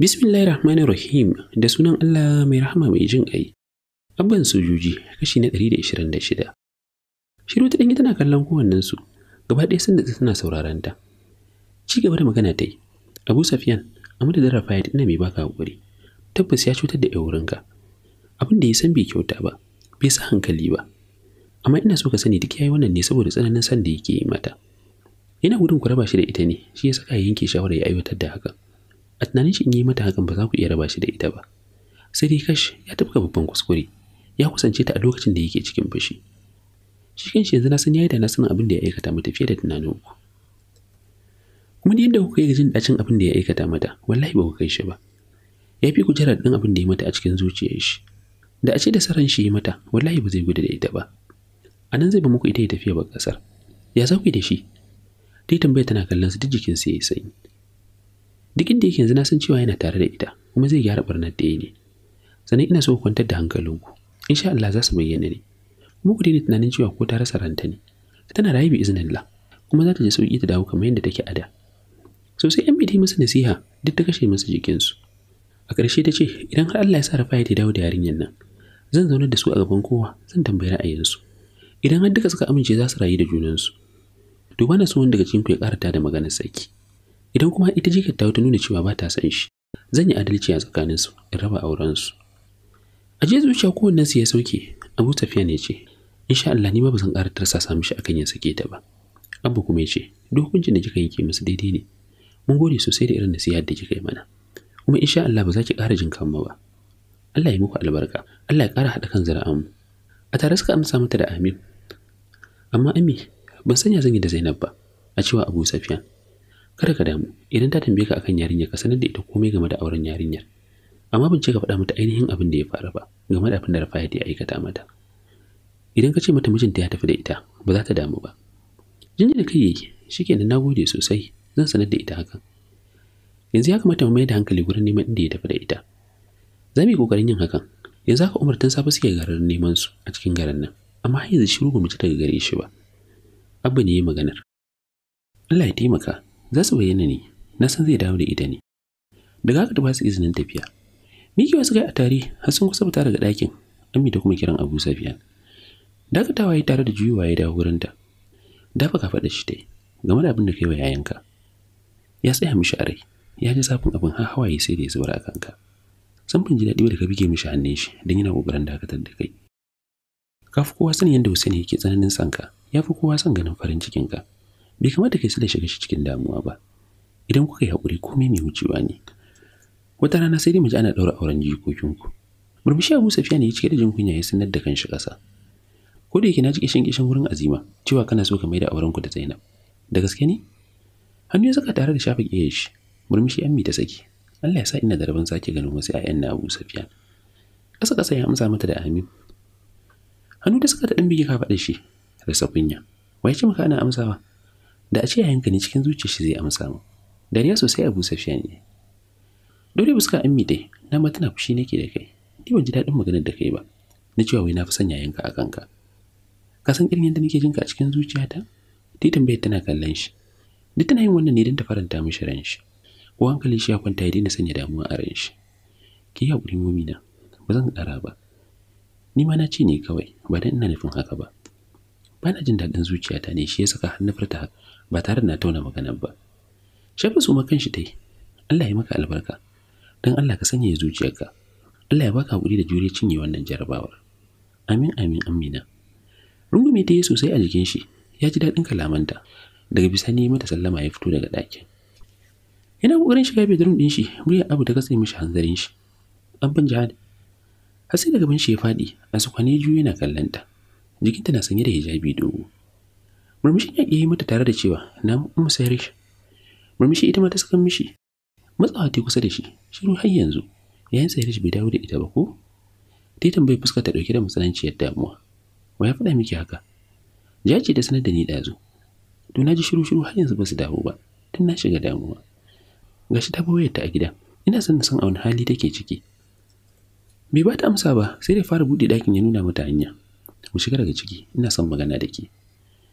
Bismillahir Rahmanir Rahim da sunan Allah mai rahama mai jin ƙai. Abban sojoji kashi na ɗari da 126. Shiru ta ɗanyi tana kallon kowannensu, gaba ɗaya sanda tana sauraron ta. Ci gaba da magana ta yi, Abu Safiyan, a madadin Rafayat ina mai baka haƙuri, tabbas ya cutar da ‘yan wurinka. Abin da ya san bai kyauta ba, bai sa hankali ba, amma ina so ka sani duk yayi wannan ne saboda tsananin san da yake yi mata ina gudun ku raba shi da ita ne shi ya saka yanke shawara ya aiwatar da haka a tunanin shi in yi mata hakan ba za ku iya raba shi da ita ba sai dai kash ya tafka babban kuskure ya kusance ta a lokacin da yake cikin fushi shi shi yanzu na san yayi da na san abin da ya aikata mata fiye da tunanin ku kuma yadda kuka yi jin dacin abin da ya aikata mata wallahi ba ku kai shi ba ya fi kujerar jira ɗin abin da ya mata a cikin zuciyar shi da a ce da saran shi ya mata wallahi ba zai gudu da ita ba a nan zai ba muku ita ya tafiya ba kasar ya yi da shi ta yi tambaya tana kallon su duk jikin sa ya sanyi duk inda yake yanzu na san cewa yana tare da ita kuma zai gyara barnar da ya ne sannan ina so ku kwantar da hankalinku insha Allah za su bayyana ne kuma ku daina tunanin cewa ko ta rasa ranta ne tana rayu bi iznillah kuma za ta je sauki ta dawo kamar yadda take a da so sai yan bidi masa nasiha duk ta kashe masa jikinsu a ƙarshe ta ce idan har Allah ya sa Rafa ya dawo da yarinyar nan zan zaunar da su a gaban kowa zan tambayi ra'ayinsu idan har duka suka amince za su rayu da junansu to bana so wanda daga cikin ku ya karata da maganar saki idan kuma ita jikar ta nuna cewa ba ta san shi zan yi adalci a tsakanin su in raba aurensu a je zuciya wannan su ya sauke abu tafiya ne ce insha Allah ni ma ba zan ƙara tarsa sa mishi akan ya sake ta ba abba kuma ya ce duk hukuncin da kika yanke musu daidai ne mun gode sosai da irin nasiha da kika yi mana kuma insha Allah ba za ki ƙara jin kanmu ba Allah ya muku albarka Allah ya ƙara haɗa kan mu a tare suka amsa mata da amin Amma Ami, ban sanya zan yi da Zainab ba, a cewa Abu Safiyan. Kada ka damu, idan ta tambaye ka akan yarinyar ka sanar da ita komai game da auren yarinyar. Amma ban ce ka faɗa mata ainihin abin da ya faru ba, game da abin da Rafaya ya aikata mata. Idan ka ce mata mijinta ya tafi da ita, ba za ta damu ba. Jinji da kai yake, na gode sosai, zan sanar da ita hakan. Yanzu ya kamata mu mai da hankali gurin neman inda ya tafi da ita. Za mu yi kokarin yin hakan, yanzu haka umar tun safe suke garar neman su a cikin garin nan amma har yanzu shiru bamu ji daga gare shi ba abu ne ya maganar Allah ya taimaka za su bayyana ne na san zai dawo da ita ne daga haka ta ba su izinin tafiya miki wasu kai a tare har sun kusa fita daga ɗakin ammi da kuma kiran abu safiyan dakatawa ya tare da juyowa ya dawo ta dafa ka faɗa shi dai. game da abin da kai wa yayanka ya tsaya mishi a rai ya ji zafin abin har hawaye sai da ya zubar a kanka san ban ji daɗi ba da ka bige mishi hannun shi don yana ƙoƙarin dakatar da kai ka fi kowa san yadda Hussein yake tsananin sanka ya fi kowa son ganin farin cikin ka bai kamata kai sila shiga shi cikin damuwa ba idan kuka yi haƙuri komai mai wucewa ne wata rana sai dai mu ji ana ɗaura auren ku murmushi Abu Safiya ne ya cike da jin kunya ya sanar da kanshi ƙasa ko da yake na ji kishin kishin wurin Azima cewa kana so ka maida auren ku da Zainab da gaske ne hannu ya saka tare da shafin iya shi murmushi ammi ta saki Allah ya sa ina da rabon sake ganin wasu ƴaƴan na Abu Safiya ƙasa ƙasa ya amsa mata da amin hannu da suka ta ɗan ka faɗi shi rasa kunya wai ce maka ana amsawa da a ce yanka ne cikin zuciyar shi zai amsa mu dariya sosai busa busafiya ne dole ba suka ammi dai na ma tana fushi nake da kai ni ban ji daɗin maganar da kai ba na cewa wai na fi son yanka a kanka ka san irin yadda nake jinka a cikin zuciyata ta tambayar tana kallon shi duk tana yin wannan ne don ta faranta mishi ran shi ko hankali shi ya kwanta ya daina sanya damuwa a ran shi ki yi haƙuri momina ba zan ƙara ba ni ma na ce ne kawai ba dan ina nufin haka ba bana jin daɗin zuciyata ne shi ya saka hannu furta haka ba tare da na tauna magana ba shafi su ma shi dai Allah ya maka albarka dan Allah ka sanya zuciyarka Allah ya baka hakuri da juriya cinye wannan jarabawar amin amin amina rungume ta yi sosai a jikin shi ya ji daɗin kalamanta daga bisani mata sallama ya fito daga ɗakin yana ƙoƙarin shiga bedroom ɗin shi murya abu ta katse mishi hanzarin shi an ban jihad har sai da gaban shi ya faɗi a sukwane juyo yana kallon ta jikinta na sanye da hijabi dogo murmushin ya yi mata tare da cewa na mu sayarish murmushi ita ma ta saka mishi matsawa ta kusa da shi shiru har yanzu yayin sayarish bai dawo da ita ba ko ta tambayi fuska ta dauke da matsananciyar damuwa wa ya faɗa miki haka jaji da sanar da ni ɗazu to na ji shiru shiru har yanzu ba su dawo ba tun na shiga damuwa gashi ta bawayar ta a gida ina son na san a wani hali take ciki bai ba ta amsa ba sai da fara buɗe ɗakin ya nuna mata hanya mu shiga daga ciki ina son magana da ke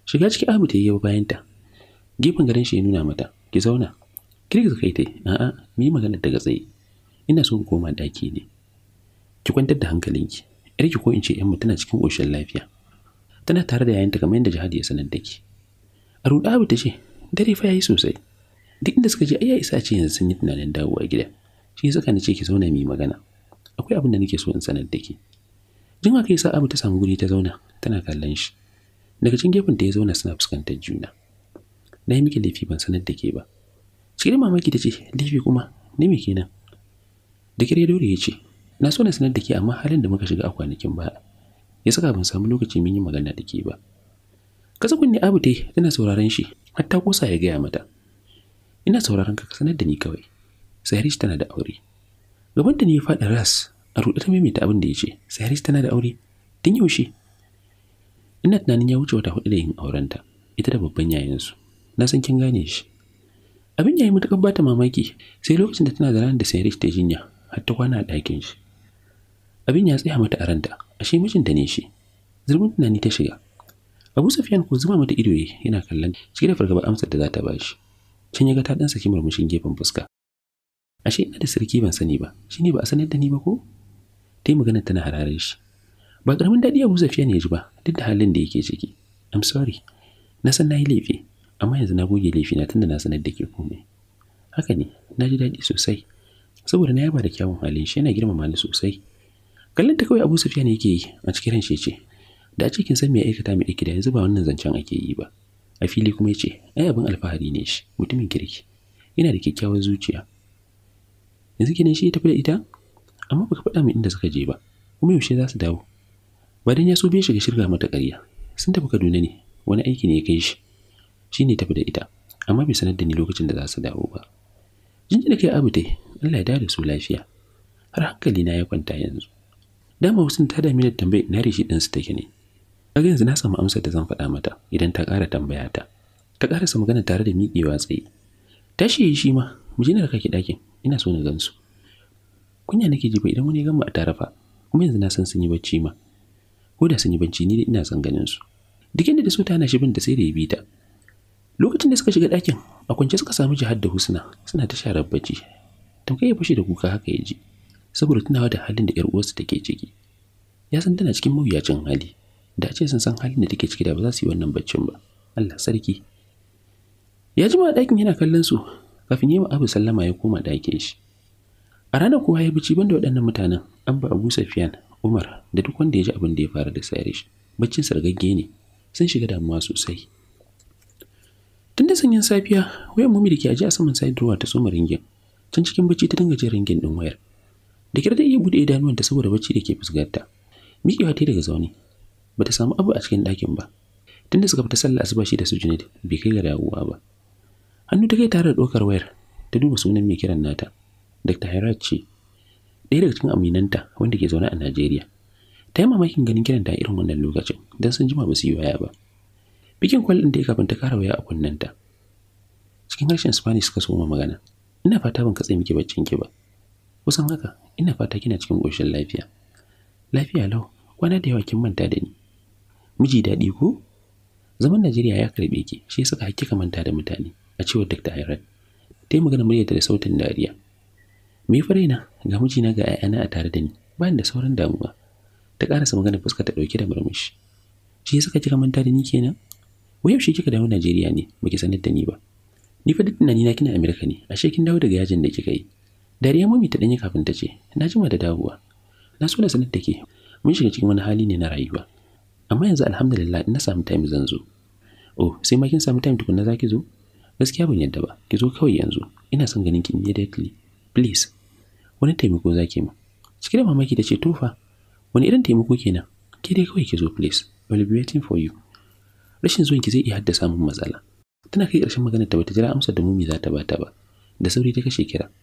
shiga ciki abu ta yi yawa bayan ta gefen garin shi ya nuna mata ki zauna Kirki ka kai ta a'a mu yi magana daga tsaye ina so ku koma ɗaki ne ki kwantar da hankalinki yarki ko in ce yan tana cikin ƙoshin lafiya tana tare da yayanta kamar yadda jihadi ya sanar da ki a abu ta ce dare fa yayi sosai duk inda suka je ai ya isa ce yanzu sun yi tunanin dawowa gida shi saka na ce ki zauna mu yi magana akwai abin da nake so in sanar da ke jin kai yasa abu ta samu guri ta zauna tana kallon shi daga cikin gefen da ya zauna suna fuskantar juna na yi miki laifi ban sanar da ke ba cikin mamaki ta ce laifi kuma ne me kenan da kire dole ya ce na so na sanar da ke amma halin da muka shiga a kwanakin baya ya saka ban samu lokaci mun yi magana da ke ba kasa kunne abu ta yi tana sauraron shi hatta kosa ya gaya mata ina sauraron ka sanar da ni kawai sai tana da aure gaban ta ne ya faɗi ras a ruɗe ta maimaita abin da ya ce sai haris tana da aure tun yaushe ina tunanin ya wuce wata hudu da yin aurenta ita da babban yayansu na san kin gane shi abin yayi mata bata mamaki sai lokacin da tana da ran da sayarish ta jinya har ta kwana a ɗakin shi abin ya tsaya mata a ranta ashe mijinta ne shi zurbin tunani ta shiga abu safiyan ko zuma mata ido yana kallon cike da fargaba amsar da za ta bashi can ya ga ta dan saki murmushin gefen fuska ashe ina da sarki ban sani ba shine ba a sanar da ni ba ko tai magana tana hararar shi ba karamin dadi Abu zafiya ne ya ji ba duk da halin da yake ciki I'm sorry na san nayi laifi amma yanzu na goge laifi na tunda na sanar da ke komai haka ne na ji dadi sosai saboda na yaba da kyawun halin shi yana girmama ni sosai kallon ta kawai Abu zafiya ne yake yi a cikin ran shi ce da a cikin san me aikata mai dake da yanzu ba wannan zancen ake yi ba a fili kuma ya yace ai abin alfahari ne shi mutumin kirki yana da kyakkyawar zuciya yanzu kenan shi ya tafi da ita amma baka faɗa min inda suka je ba kuma yaushe za su dawo ba dan ya so bai shiga shirga mata ƙarya sun tafi Kaduna ne wani aiki ne ya kai shi shi ne tafi da ita amma bai sanar da ni lokacin da za su dawo ba jinjina kai abu dai Allah ya dawo da su lafiya har hankali na ya kwanta yanzu dama wasu ta dami da tambayi na rishi ɗinsu take ne kaga yanzu na samu amsar da zan faɗa mata idan ta ƙara tambaya ta ta ƙarasa magana tare da miƙewa tsaye tashi shi ma mu je na raka ki ɗakin ina so na su kunya nake ji ba idan wani gama a tare kuma yanzu na san sun yi bacci ma ko da sun yi bacci ni da ina son ganin su duk inda da su ta na shi bin da sai da ya bi ta lokacin da suka shiga ɗakin a kwance suka samu jihar da husna suna ta sharar bacci tamkai ya fashe da kuka haka ya ji saboda tunawa da halin da 'yar uwarsa take ciki ya san tana cikin mawuyacin hali da a ce sun san halin da take ciki da ba za su yi wannan baccin ba Allah sarki ya jima a ɗakin yana kallon su kafin yi wa abu sallama ya koma ɗakin shi a ranar kowa ya bici banda waɗannan mutanen an ba abu safiyan umar da duk wanda ya ji abin da ya fara da shi. baccin sargagge ne sun shiga damuwa sosai tun da sanyin safiya wayan mummi da ke aji a saman ruwa ta soma ringin can cikin bacci ta dinga jin ringin ɗin wayar da kyar da iya buɗe idanuwan ta saboda bacci da ke fuskarta miƙewa ta daga zaune bata samu abu a cikin ɗakin ba tunda suka fita sallah asuba shi da su bai kai ga dawowa ba hannu ta kai tare da ɗaukar wayar ta duba sunan mai kiran nata dr herat ce ɗaya daga cikin aminanta wanda ke zaune a najeriya ta yi mamakin ganin kiran ta irin wannan lokacin don sun jima ba su yi waya ba bikin kwal ɗin da ya kafin ta kara waya a kunnenta cikin harshen spanish suka soma magana ina fata ban katse miki baccin ki ba kusan haka ina fata kina cikin ƙoshin lafiya lafiya lau kwana da yawa kin manta da ni miji daɗi ko zaman najeriya ya karɓe ki shi saka hakki ka manta da mutane a cewar Dr. Ayran. Ta yi magana muryarta da sautin dariya. Me fa raina ga mijina ga 'ya'yana a tare da ni bayan da sauran damuwa. Ta karasa magana fuska ta dauke da murmushi. Shi ya saka kika manta da ni kenan? Wai yaushe kika dawo Najeriya ne baki sanar da ni ba. Ni fa duk tunani na kina Amerika ne ashe kin dawo daga yajin da kika yi. Dariya mami ta danyi kafin ta ce na jima da dawowa. Na so na sanar da ke mun shiga cikin wani hali ne na rayuwa. Amma yanzu alhamdulillah na samu time zan zo. Oh sai ma kin samu time tukunna zaki zo? gaskiya ban yadda ba ki zo kawai yanzu ina son ganin ki immediately please wani taimako zake min cike da mamaki ta ce tufa. wani irin taimako kenan ki dai kawai ki zo please will be waiting for you rashin zuwan ki zai iya haddasa mun matsala tana kai ƙarshen maganar ta bata jira amsar da mumi za ta bata ba da sauri ta kashe kira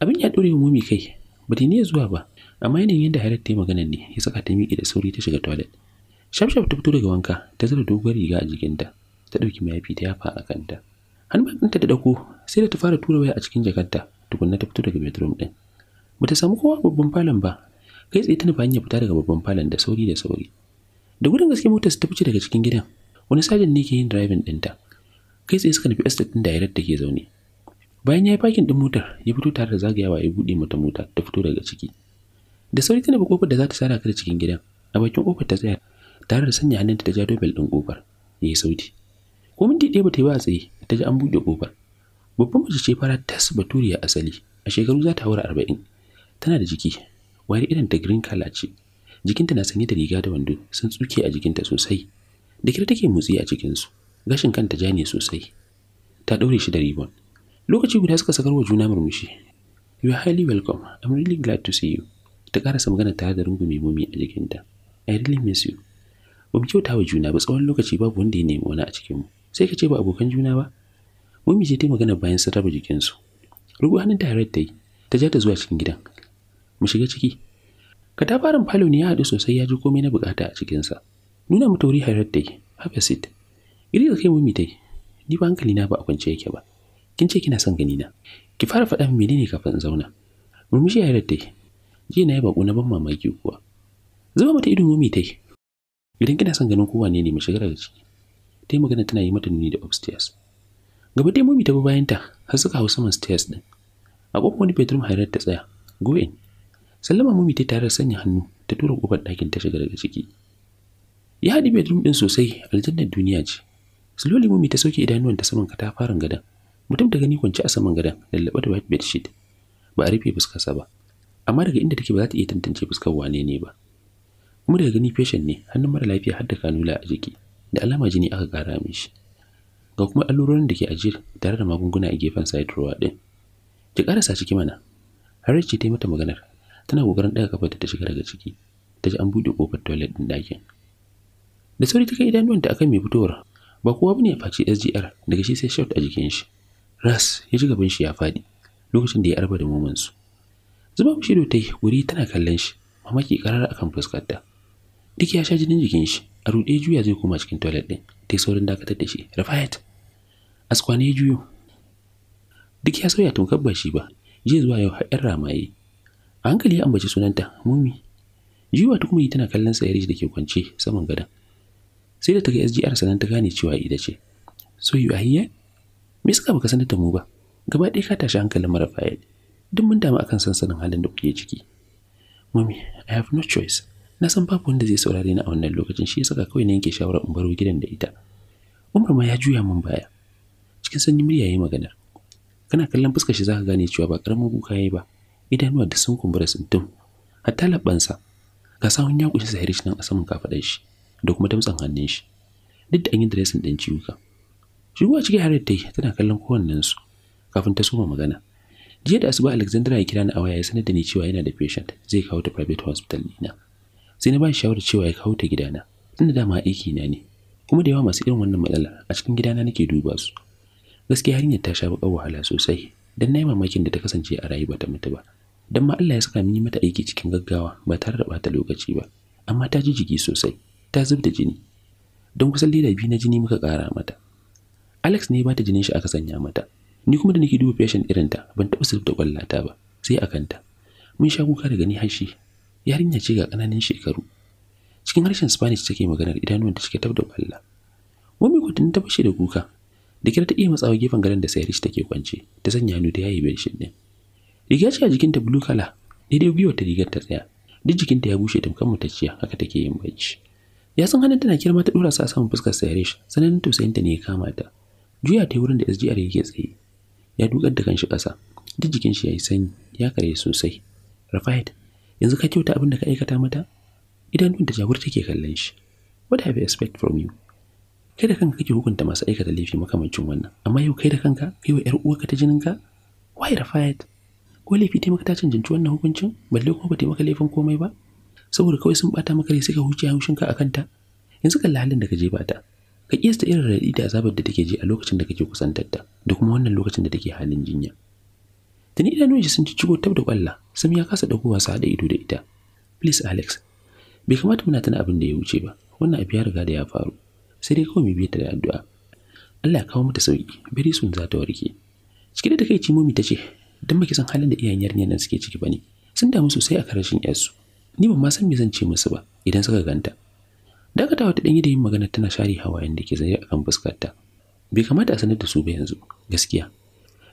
abin ya dore mumi kai ba ta ne zuwa ba amma yanayin yadda harar ta yi maganar ne ya saka ta miƙe da sauri ta shiga toilet shafshaf ta fito daga wanka ta zura doguwar riga a jikinta ta ɗauki mayafi ta yafa a kanta Hanbar ɗinta da ɗauko sai da ta fara tura waya a cikin jakarta tukunna ta fito daga bedroom ɗin. ta samu kowa babban falon ba, kai tsaye ta nufa fita daga babban falon da sauri da sauri. Da gudun gaske motar ta fice daga cikin gidan, wani sajin ne ke yin driving ɗinta. Kai tsaye suka nufi estate ɗin direct da ke zaune. Bayan ya yi parking ɗin motar, ya fito tare da zagayawa ya buɗe mata mota ta fito daga ciki. Da sauri tana nufi kofar da za ta sara kada cikin gidan, a bakin kofar ta tsaya tare da sanya hannunta ta ja dobel ɗin kofar. Ya yi sauti. Ko minti ɗaya ba ta yi ba a tsaye, ta ji an buɗe kofar. Babban mace ce fara tas baturiya asali, a shekaru za ta haura arba'in. Tana da jiki, wani irin ta green color ce. Jikinta na sanye da riga da wando sun tsuke a jikinta sosai. Da kira take motsi a cikinsu, gashin kanta ja ne sosai. Ta ɗaure shi da ribon. Lokaci guda suka sakar wa juna murmushi. You are highly welcome. I'm really glad to see you. Ta ƙara magana tare da mai mumi a jikinta. I really miss you. Ba mu kyauta wa juna ba tsawon lokaci babu wanda ya nemi wani a cikinmu. Sai ka ce ba abokan juna ba? Ummi ce ta magana bayan sun raba jikinsu. Rugu hannun Harriet ta yi, ta ja ta zuwa cikin gidan. Mu shiga ciki. Katafaren falo ne ya haɗu sosai ya ji komai na bukata a cikinsa. Nuna mu tauri Harriet ta yi, hafa sit. Iri da kai Ummi ta yi, ni ba hankali na ba a kwance yake ba. Kin ce kina son gani na. Ki fara faɗa min menene kafin in zauna. Murmushi Harriet ta yi. Jiya na yi baƙo na ban mamaki kuwa. Zama mata idon Ummi ta yi. Idan kina son ganin kowa ne ne mu shiga daga ciki. Ta yi magana tana yi mata nuni da upstairs. gaba dai mummy ta bi bayanta har suka hau saman stairs din a kofar wani bedroom hairar ta tsaya go sallama mummy ta tare sanya hannu ta tura kofar ɗakin ta shiga daga ciki ya haɗi bedroom ɗin sosai aljannar duniya ce slowly mummy ta sauke ta saman katafaren gadon mutum ta gani kwance a saman gadon lallaɓa da white bedsheet ba a rufe fuskarsa ba amma daga inda take ba za ta iya tantance fuskar wane ne ba kuma daga gani fashion ne hannun mara lafiya har da kanula a jiki da alama jini aka kara mishi ga kuma allurorin da ke ajiye tare da magunguna a gefen side drawer ɗin. Ki karasa ciki mana. Harar ta yi mata maganar, tana gogaran ɗaga kafar ta shiga daga ciki, ta ji an buɗe ƙofar toilet ɗin ɗakin. Da sauri ta kai da akan mai fitowar, ba kowa bane ya faci SGR daga shi sai shot a jikin shi. Ras ya ji gaban shi ya faɗi lokacin da ya arba da momansu. Zuba mishi ido ta yi wuri tana kallon shi, mamaki ƙarar akan fuskarta. Duk ya sha jinin jikin shi, a ruɗe juya zai koma cikin toilet ɗin, ta yi saurin dakatar da shi. Rafayat, askwane ya juyo duk ya sauya tamkar ba shi ba jiya zuwa yau har ramaye a hankali ya ambaci sunanta mumi jiwa ta kuma yi tana kallon tsayarish da ke kwance saman gadon sai da ta ga sgr sanan ta gane cewa ita ce so yi a hiyar me baka sanar da mu ba gaba ɗaya ka tashi hankalin mara fayil duk mun damu akan sansanin halin da kuke ciki mami i have no choice na san babu wanda zai saurare ni a wannan lokacin shi ya saka kawai na yanke shawarar in baro gidan da ita umar ma ya juya min baya cikin sanyi murya yayi magana kana kallon fuskar shi zaka gane cewa ba karamin kuka yayi ba idanuwa da sun kumbura sun tum hatta labbansa ga sahun ya kushi shi nan a saman kafaɗar shi da kuma damtsan hannun shi duk da an yi dressing din ciwuka ciki cikin harin ta yi tana kallon su kafin ta soma magana jiya da asuba alexandra ya kira ni a waya ya sanar da ni cewa yana da patient zai kawo ta private hospital dina. sai na ba shi shawara cewa ya kawo ta gidana tunda dama aiki na ne kuma da yawa masu irin wannan matsalar a cikin gidana nake duba su gaskiya yarinya ta sha baƙar wahala sosai dan nayi mamakin da ta kasance a rayuwa ta mutu ba dan ma Allah ya saka mun yi mata aiki cikin gaggawa ba tare da bata lokaci ba amma ta ji jiki sosai ta zub jini don kusan leda biyu na jini muka ƙara mata Alex ne ba ta jinin shi aka sanya mata ni kuma da nake duba patient irin ta ban taɓa zub da kwallata ba sai a kanta mun sha kuka daga ni har shi yarinya ce ga ƙananan shekaru cikin harshen Spanish take maganar idanuwan da cike tab da kwalla Wani ko ta fashe da kuka da kira ta iya matsawa gefen gadon da sayarish take kwance ta sanya hannu da yayi bedsheet din riga ce a jikinta blue color daidai biyo ta rigar ta tsaya duk jikinta ya bushe kan mutacciya haka take yin bacci ya san hannun tana kirma ta dora sa saman fuskar sayarish sanannen tausayinta ne ya kama ta juya ta wurin da SGR yake tsaye ya dukar da kanshi kasa. duk jikin shi yi sanyi ya kare sosai Rafa'id yanzu ka kyauta abin da ka aikata mata Idan idanun da jabur take kallon shi what have you expect from you kai da kanka kake hukunta masu aikata laifi makamancin wannan amma yau kai da kanka kai wa 'yar uwarka ta jininka ka. the fight ko laifi taimaka ta cancanci wannan hukuncin balle kuma ba maka laifin komai ba saboda kawai sun bata maka rai suka huce haushinka a kanta yanzu kalla halin da ka ba ta ka kiyasta irin raɗi da azabar da take ji a lokacin da kake kusantar ta da kuma wannan lokacin da take halin jinya tuni idanun shi sun ci cigo tab da kwalla sam ya kasa dagowa su da ido da ita please alex bai kamata muna tana abin da ya wuce ba wannan abu ya riga da ya faru sai dai kawai mai bi ta da addu'a Allah ya kawo mata sauki bari sun za ta warke cike da takeici mummy ce. dan baki san halin da iyayen yarinyar nan suke ciki bane sun damu sosai a karashin yarsu ni ban ma san me zan ce musu ba idan suka ganta dakatawa ta danyi da yin magana tana share hawayen da ke zaye akan fuskarta bai kamata a sanar da su ba yanzu gaskiya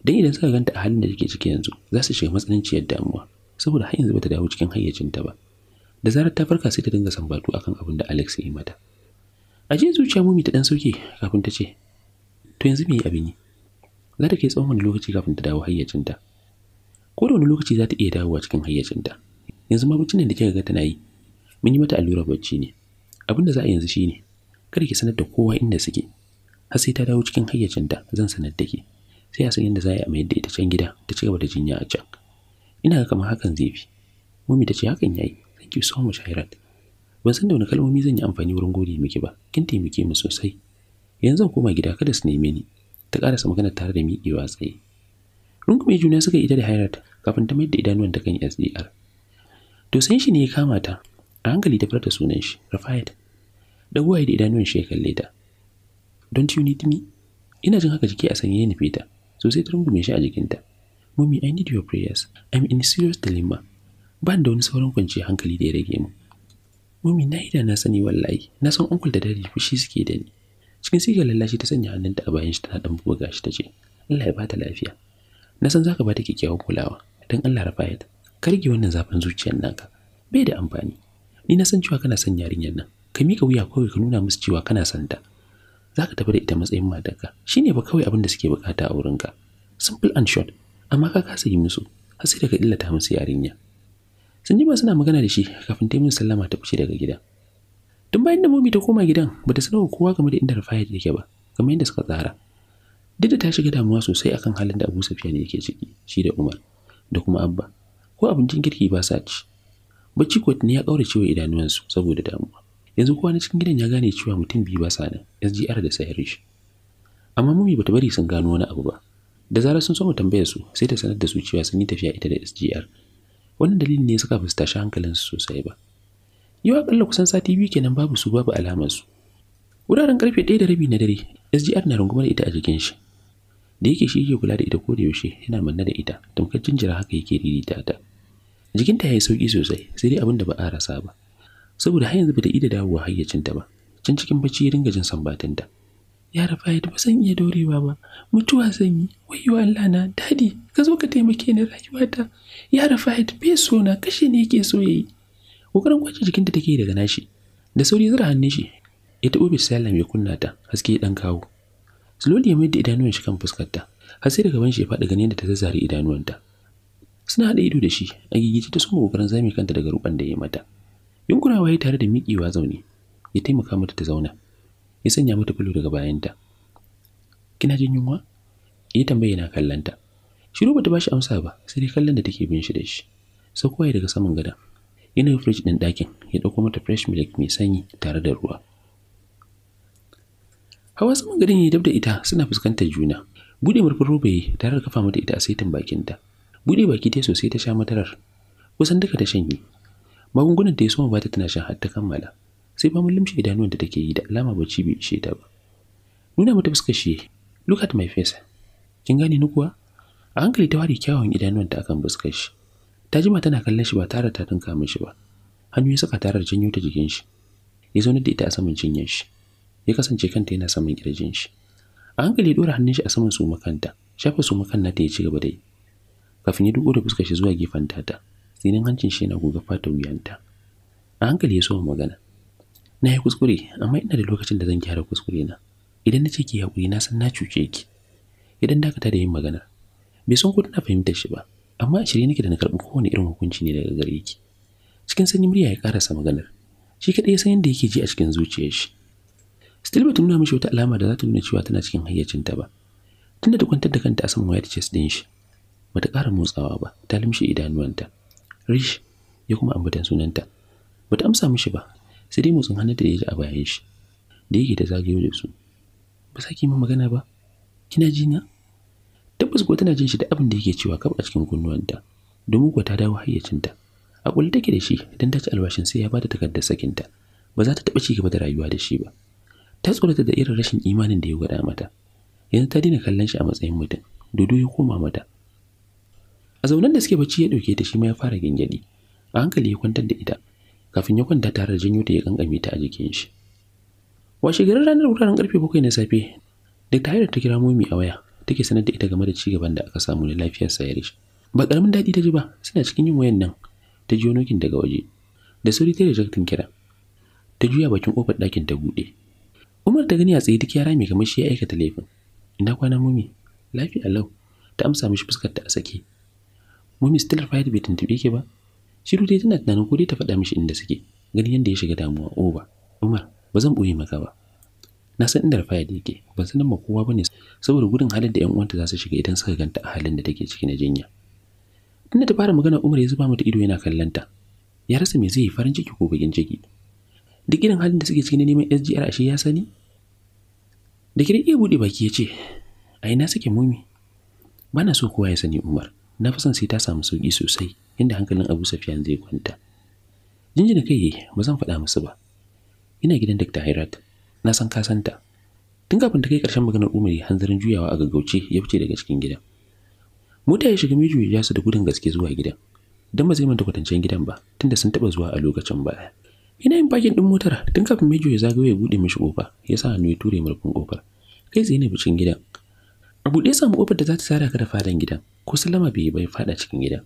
dan idan suka ganta a halin da take ciki yanzu za su shiga matsananciyar damuwa saboda har yanzu bata dawo cikin hayyacinta ba da zarar ta farka sai ta dinga sambatu akan abin da Alex ya yi mata aje zuciya mummy ta dan sauke kafin ta ce to yanzu me abin yi za ta kai tsawon wani lokaci kafin ta dawo hayyacinta ko da wani lokaci za ta iya dawowa cikin hayyacinta yanzu ma baccin da kika ga tana yi mun yi mata allurar bacci ne abin da za a yanzu shine kada ki sanar da kowa inda suke har sai ta dawo cikin hayyacinta zan sanar da ke sai a san yadda za a yi a mayar da ita can gida ta ci gaba da jinya a can ina ga kamar hakan zai fi mummy ta ce hakan yayi thank you so much Hirat ban san da wani kalmomi zan yi amfani wurin gode miki ba kin taimake mu sosai yanzu zan koma gida kada su neme ni ta karasa magana tare da miƙewa tsaye rungume juna suka ita da hairat kafin ta mayar da idanuwan ta kan SDR to san shi ne ya kama ta a hankali ta farta sunan shi Rafayat dagowa da idanuwan shi ya kalle ta don't you need ina jin haka jiki a sanye ya nufe ta sosai ta rungume shi a jikinta Mummy, I need your prayers. I'm in serious dilemma. Ban da wani sauran kwanciyar hankali da ya rage mu. Mummy na yi da na sani wallahi, na san uncle da dadi fushi suke da ni. Cikin siga lallashi ta sanya hannunta a bayan shi tana dan buga shi ce. Allah ya ba ta lafiya. Na san zaka ba ta kyakkyawar kulawa, dan Allah Rafayat, ka karge wannan zafin zuciyar naka. Bai da amfani. Ni na san cewa kana son yarinyar nan. Ka mika wuya kawai ka nuna musu cewa kana son ta. Zaka tafi da ita matsayin matarka. Shine ba kawai abin da suke bukata a wurinka. Simple and short, amma ka kasa yi musu. Har sai daga illata musu yarinyar. sun jima suna magana da shi kafin ta sallama ta fice daga gida tun bayan da momi ta koma gidan ba ta sanarwa kowa game da inda rafaya yake ba kamar yadda suka tsara duk da ta shiga damuwa sosai akan halin da abu safiya ne yake ciki shi da umar da kuma abba ko abincin kirki ba sa ci bacci ko ya kaura cewa idanuwansu saboda damuwa yanzu kowa na cikin gidan ya gane cewa mutum biyu ba sa nan sgr da shi amma mummy bata bari sun gano wani abu ba da zarar sun so mu tambayar su sai ta sanar da su cewa sun yi tafiya ita da sgr wannan dalilin ne suka su tashi hankalinsu sosai ba yau akalla kusan sati biyu kenan babu su babu alamarsu wuraren karfe ɗaya da rabi na dare sgr na rungumar ita a jikin shi da yake shi yake kula da ita ko da yaushe yana manna da ita tamkar jinjira haka yake ririta ta jikinta ya yi sauki sosai sai dai abin da ba a rasa ba saboda har yanzu bata ida dawowa hayyacinta ba can cikin bacci ya dinga jin sambatinta ya Rafa'id ba zan iya dorewa ba mutuwa zan yi wayyo Allah na dadi ka zo ka taimake ni rayuwata ya Rafa'id be so na kashe ne yake so yayi kokarin kwace jikinta take daga nashi da sauri zura hannun shi tabo bi sallam ya kunna ta haske dan kawo slowly ya maida idanuwan shi kan fuskar ta har sai daga ban shi ya faɗi ganin da ta zazzare idanuwanta suna haɗa ido da shi a gigice ta suma kokarin zame kanta daga ruban da ya mata yunkurawa ya tare da miƙewa zaune ya taimaka mata ta zauna ya sanya mata falo daga bayanta kina jin yunwa ya tambaye yana kallanta shiru bata bashi amsa ba sai dai kallon da take bin shi da shi sakuwa daga saman gada yana fridge din ɗakin ya ɗauko mata fresh milk mai sanyi tare da ruwa hawa saman garin ya dab da ita suna fuskantar juna bude murfin robaye yi tare da kafa mata ita a saitin bakinta bude baki ta sosai ta sha madarar kusan duka ta shanye magungunan ta ya soma bata tana shan har ta kammala sai faman limshe idanuwan da take yi da alama ba ci bai ishe ta ba nuna mata fuskar shi look at my face kin gane ni kuwa a hankali ta ware kyawun idanuwan ta akan fuskar shi ta jima tana kallon shi ba tare ta tunka mishi ba hannu ya saka tarar janyo ta jikin shi ya zo da ita a saman cinyar shi ya kasance kanta yana saman kirjin shi a hankali ya dora hannun shi a saman su makanta shafa su makan ta ya ci gaba da yi kafin ya duko da fuskar shi zuwa gefen tata tsinin hancin shi yana goga fata wuyanta a hankali ya so magana na yi kuskure amma ina da lokacin da zan gyara kuskure na idan na ce ki haƙuri na san na cuce ki idan da dakata da yin magana bai san ko tana fahimtar shi ba amma a shirye nake da na karɓi kowane irin hukunci ne daga gare ki cikin sanyi murya ya karasa maganar shi kaɗai ya san yadda yake ji a cikin zuciyar shi still bai nuna mishi wata alama da za ta nuna cewa tana cikin hayyacinta ba tunda ta kwantar da kanta a saman wayar chest ɗin shi Ba ta ƙara motsawa ba ta limshe idanuwanta rish ya kuma ambatan sunanta bata amsa mishi ba sai dai motsin hannunta da ya ji a bayan shi da yake da zagayo da su ba sa ki magana ba kina ji na tabbas kuwa tana jin shi da abin da yake cewa kaf a cikin kunnuwanta domin kuwa ta dawo hayyacinta a kulle take da shi idan ta ci albashin sai ya bada takardar sakinta ba za ta taɓa ci gaba da rayuwa da shi ba ta tsorata da irin rashin imanin da ya gwada mata yanzu ta daina kallon shi a matsayin mutum dodo ya koma mata a zaunan da suke bacci ya dauke ta shi ma ya fara gingadi a hankali ya kwantar da ita kafin ya kwanta tare da janyo ta ya kankame ta a jikin shi washe garin ranar wuraren karfe bakwai na safe da ta da ta kira momi a waya take sanar da ita game da ci gaban da aka samu na lafiyar sayarish ba karamin daɗi ta ji ba suna cikin yin wayan nan ta ji nokin daga waje da sauri ta rejectin kira ta juya bakin kofar ɗakin ta buɗe umar ta gani a tsaye duk yara mai kamar shi ya aikata laifin ina kwana mumi lafiya lau ta amsa mishi fuskar ta a sake Mumi still fight bai tuntuɓe ke ba Shiru dai tana tunanin ko dai ta faɗa mishi inda suke, ganin yadda ya shiga damuwa oba. Oh Umar, ba zan ɓoye maka ba. Na san inda Rafaya yake, ban nan ma kowa bane saboda gudun halin da 'yan uwanta za su shiga idan suka ganta a halin da take ciki na jinya. Tunda ta fara magana Umar ya zuba mata ido yana kallon ta. Ya rasa me zai yi farin ciki ko bakin ciki. Duk irin halin da suke ciki na neman SGR ashe ya sani? Da kira iya buɗe baki ya ce, A ina suke mumi." Bana so kowa ya sani Umar, na fi son sai ta samu sauƙi sosai. inda hankalin Abu Sufyan zai kwanta. Jinjina kai ba zan faɗa musu ba. Ina gidan Dr. Hairat, na san ka santa. Tun kafin ta kai ƙarshen maganar Umari hanzarin juyawa a gaggauce ya fice daga cikin gidan. Mota ya shiga miji ya su da gudun gaske zuwa gidan. Dan ba zai manta kwatancen gidan ba, tunda sun taɓa zuwa a lokacin ba. Ina yin bakin ɗin motar tun kafin miji ya zagaye ya buɗe mishi kofa ya sa hannu ya ture murfin kofar Kai zai ne cikin gidan. A buɗe samu ƙofar da za ta tsara ka da fadan gidan, ko sallama bai bai faɗa cikin gidan.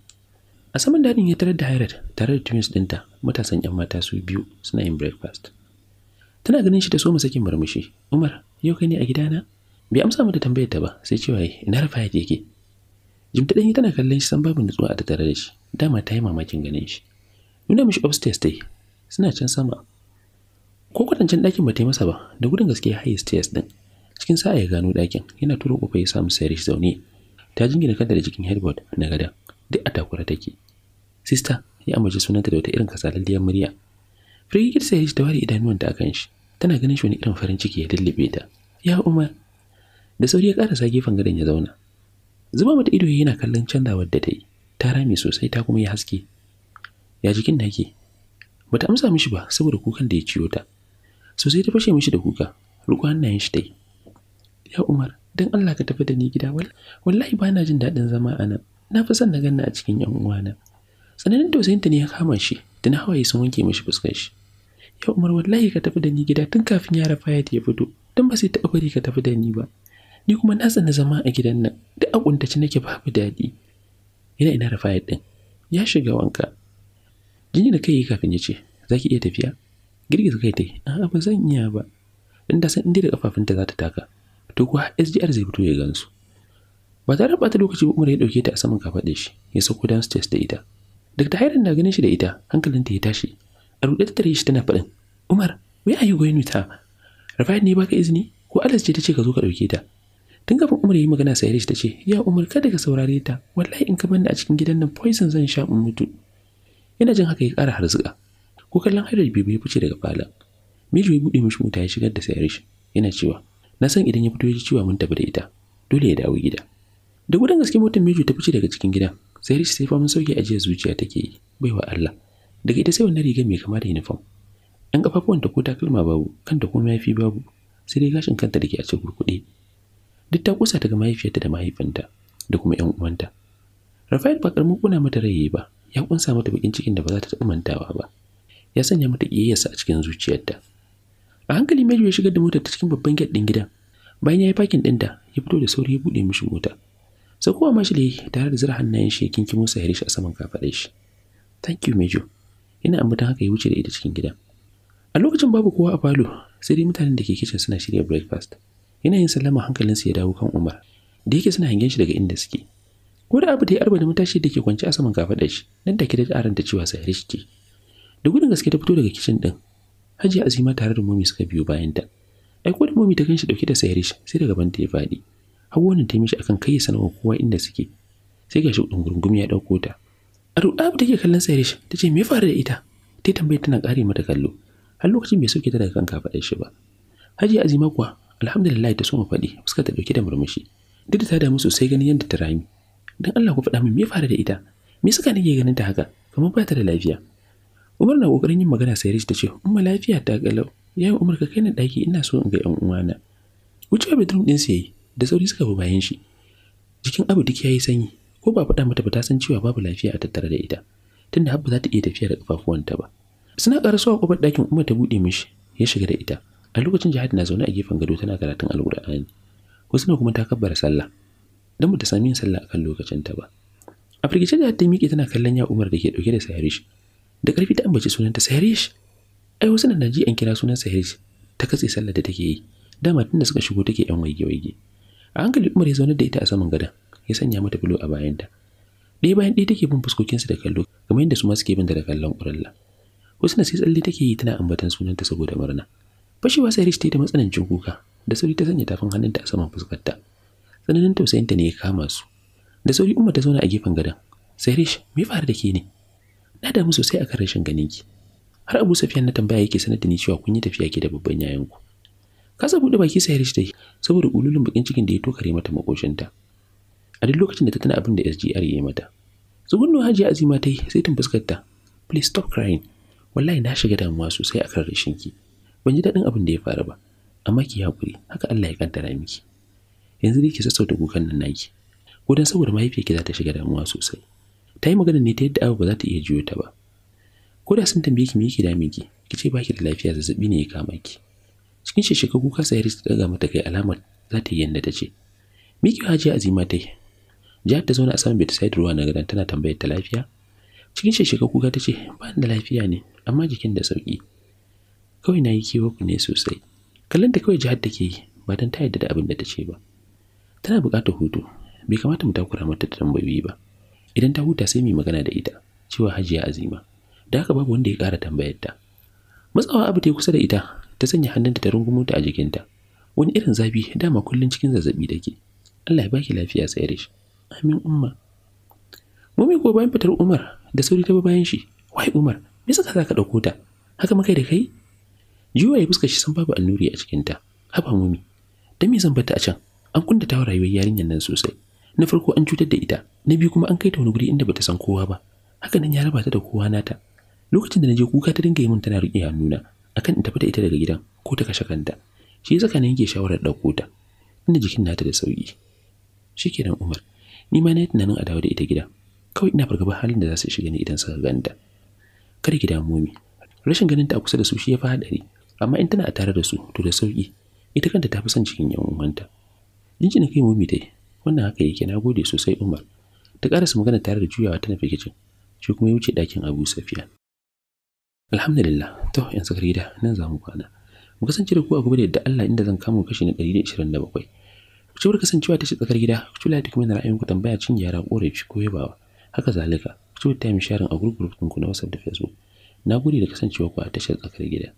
a saman dadin ya tarar da Hairat tare da twins dinta, matasan 'yan mata su biyu suna yin breakfast tana ganin shi da so sakin murmushi Umar yau kai ne a gidana bai amsa mata tambayar ta ba sai cewa ina rafa yake ta ɗanyi tana kallon shi san babu nutsuwa a tattare da shi dama ta yi mamakin ganin shi nuna mishi upstairs ta yi suna can sama ko kwatancin ɗakin ba ta yi masa ba da gudun gaske ya haye stairs ɗin cikin sa'a ya gano ɗakin yana turo kofa ya samu sayar shi zaune ta jingina kanta da jikin headboard na gadan duk a takura take sista ya amince sunanta da wata irin kasalalliyar murya frigid sai ta ware idanuwanta a kan shi tana ganin shi wani irin farin ciki ya lullube ta ya umar da sauri ya karasa gefen gadon ya zauna zuba mata ido yana kallon canzawar da ta yi ta rame sosai ta kuma yi haske ya jikin nake bata amsa mishi ba saboda kukan da ya ciyo ta sosai ta fashe mishi da kuka ruku hannayen shi ta yi ya umar don allah ka tafi da ni gida wallahi ba na jin daɗin zama a nan na fi son na ganna a cikin yan uwana tsananin tausayinta ne ya kama shi da na hawaye sun wanke mishi fuskar shi yau umar wallahi ka tafi da ni gida tun kafin yara fayat ya fito don ba sai taɓa bari ka tafi da ni ba ni kuma na tsana zama a gidan nan da a kuntace nake babu daɗi ina ina rafayat ɗin ya shiga wanka jini da kai yi kafin ya ce za ki iya tafiya girgiza kai ta a a'a ba zan iya ba dan da san inda da kafafunta za ta taka to kuwa SGR zai fito ya gansu ba tare da ɓata lokaci ba umar ya ɗauke ta a saman kafaɗe shi ya sauko stairs da ita dr hairan na ganin shi da ita hankalinta ya tashi a ruɗe ta tare shi tana faɗin umar where ayi yi going with ne baka izini ko alas ce ta ce ka zo ka ɗauke ta tun kafin umar ya yi magana sai ta ce ya umar kada ka saurare ta wallahi in ka manna a cikin gidan nan poison zan sha in mutu yana jin haka ya ƙara harzuka ko kallon hairar bibi ya fice daga falon Mijo ya buɗe mishi mota ya shigar da sayar shi yana cewa na san idan ya fito ya ci cewa mun tafi da ita dole ya dawo gida da gudan gaske motar Mejo ta fice daga cikin gidan sai Rich sai famin sauki a jiya zuciya take yi wa Allah daga ita sai wannan riga mai kama da uniform ɗan ta ko takalma babu kanta kuma mayafi babu sai dai gashin kanta dake a cikin kurkuɗe duk ta kusa daga mahaifiyarta da mahaifinta da kuma 'yan uwanta Rafael ba karamin kuna mata rai ba ya kunsa mata bakin cikin da ba za ta taɓa mantawa ba ya sanya mata kiyayyarsa a cikin zuciyarta a hankali Mejo ya shigar da motar ta cikin babban gate din gidan bayan ya yi parking ɗinta ya fito da sauri ya buɗe mishi mota mashi mashili tare da zira hannayen shi kinki Musa ya shi a saman kafaɗe shi. Thank you Mejo. Ina ambata haka ya wuce da ita cikin gida. A lokacin babu kowa a falo, sai dai mutanen da ke kitchen suna shirya breakfast. Yana yin sallama hankalinsa ya dawo kan Umar. Da yake suna hangen shi daga inda suke. Ko da abu da ya arba da matashi da ke kwance a saman kafaɗe shi, nan da ke da da cewa sai shi ke. Da gudun gaske ta fito daga kitchen din. Hajiya Azima tare da Mummy suka biyo bayan ta. Ai ko da Mummy ta ganshi dauke da rishi sai daga banta ya faɗi. ne ta mishi akan kai sanarwa kowa inda suke sai ga shi ɗungurgum ya ɗauko ta a ruɗa ba take kallon sayarish ta ce me faru da ita ta tambaye tana ƙare mata kallo har lokacin bai sauke ta daga kanka faɗa shi ba Haji azima kuwa alhamdulillah ta so mu faɗi fuskar ta ɗauke da murmushi duk da ta damu sosai ganin yadda ta rami dan Allah ku faɗa min me faru da ita me suka nake ganin ta haka kamar ba ta da lafiya Umar na kokarin yin magana sai Rich ta ce umma lafiya ta galau yayin Umar ka kai daki ina so in ga yan uwana wuce bedroom din sai da sauri suka bi bayan shi jikin abu duk yayi sanyi ko ba faɗa mata ba ta san cewa babu lafiya a tattare da ita tunda habba za ta iya tafiya da kafafuwanta ba suna karasuwa kofar dakin umma ta buɗe mishi ya shiga da ita a lokacin jihad na zaune a gefen gado tana karatun alƙur'ani wasu na kuma ta kabbara sallah dan bata sami yin sallah akan lokacin ta ba a firgice da ta miƙe tana kallon ya umar da ke dauke da sahirish da karfi ta ambaci sunanta sahirish ai wasu na naji an kira sunan sahirish ta katse sallah da take yi dama tunda suka shigo take yan wage-wage. a hankali umar ya zaune da ita a saman gadon ya sanya mata bulo a bayanta ɗaya bayan ɗaya take bin fuskokinsu da kallo kamar yadda su ma suke bin da kallon ƙuralla husna sai tsalle take yi tana ambatan sunanta saboda murna fashewa sai rishi ta da matsanancin kuka da sauri ta sanya tafin hannunta a saman fuskarta tsananin tausayinta ne ya kama su da sauri Umar ta zauna a gefen gadon sai rish me faru da ke ne na damu sosai a akan rashin ganinki har abu safiyan na tambaya yake sanar da ni cewa kun yi tafiya ke da babban yayanku kasa buɗe baki sai rishi dai? saboda ululun bakin cikin da ya kare mata makoshinta a duk lokacin da ta tana abin da SGR ya mata tsugunno Hajiya Azima ta sai tun fuskar ta please stop crying wallahi na shiga damuwa sosai akan rashin ki ban ji dadin abin da ya faru ba amma ki hakuri haka Allah ya kaddara miki yanzu dai ki sassauta kukan nan naki ko dan saboda mahaifiyarki za ta shiga damuwa sosai ta yi magana ne ta yadda abu ba za ta iya juyo ta ba ko da sun tambaye ki me yake damin ki ki ce baki da lafiya zazzabi ne ya kama ki cikin shishika kuka sayaris ta daga mata kai alamar za ta yi yanda ta ce miki hajiya azima ta yi jihar ta zauna a saman beta ruwa na gadan tana tambayar ta lafiya cikin shishika kuka ta ce ba da lafiya ne amma jikin da sauki kawai na yi kewa ku ne sosai kallon ta kawai jihar take yi ba don ta yarda da abin da ta ce ba tana buƙatar hutu bai kamata mu takura mata da tambayoyi ba idan ta huta sai mu magana da ita cewa hajiya azima da haka babu wanda ya ƙara tambayar ta matsawa abu ta kusa da ita ta sanya hannunta ta rungumo ta a jikinta wani irin zafi dama kullun cikin zazzabi take Allah ya baki lafiya tsayarish amin umma mummy ko bayan fitar Umar da sauri ta bayan shi wai Umar me saka zaka dauko ta haka mukai da kai jiwa ya fuska shi san babu annuri a cikin ta haba mummy Ta me zan bata a can an kunda ta rayuwar yarinyar nan sosai na farko an cutar da ita na biyu kuma an kai ta wani guri inda bata san kowa ba haka nan ya raba ta da kowa nata lokacin da naje kuka ta dinga yi min tana riƙe hannuna akan in tafi da ita daga gidan ko ta kashe kanta shi zaka ne yake shawarar ɗauko ta inda jikin nata da sauki shikenan Umar ni ma na yi tunanin a dawo da ita gida kawai ina fargaba halin da za su shiga ni idan suka ganta kada ki damu mi rashin ganin ta a kusa da su shi ya fi haɗari amma in tana a tare da su to da sauki ita kanta ta fi son cikin yan uwanta jinjina kai mumi dai wannan haka yake na gode sosai Umar ta karasa magana tare da juyawa tana fikicin shi kuma ya wuce dakin Abu Safiya Alhamdulillah, to yanzu garida nan zamu kwana. Mu kasance da ku a gobe da Allah inda zan kama kashi na 127. Ku ci kasancewa ta tsakar gida, ku ci lafiya kuma na ku tambaya cin yara korafi ko yabawa. Haka zalika, ku ci time sharing a group group ɗinku na WhatsApp da Facebook. Na gode da kasancewa ku a tashar tsakar gida.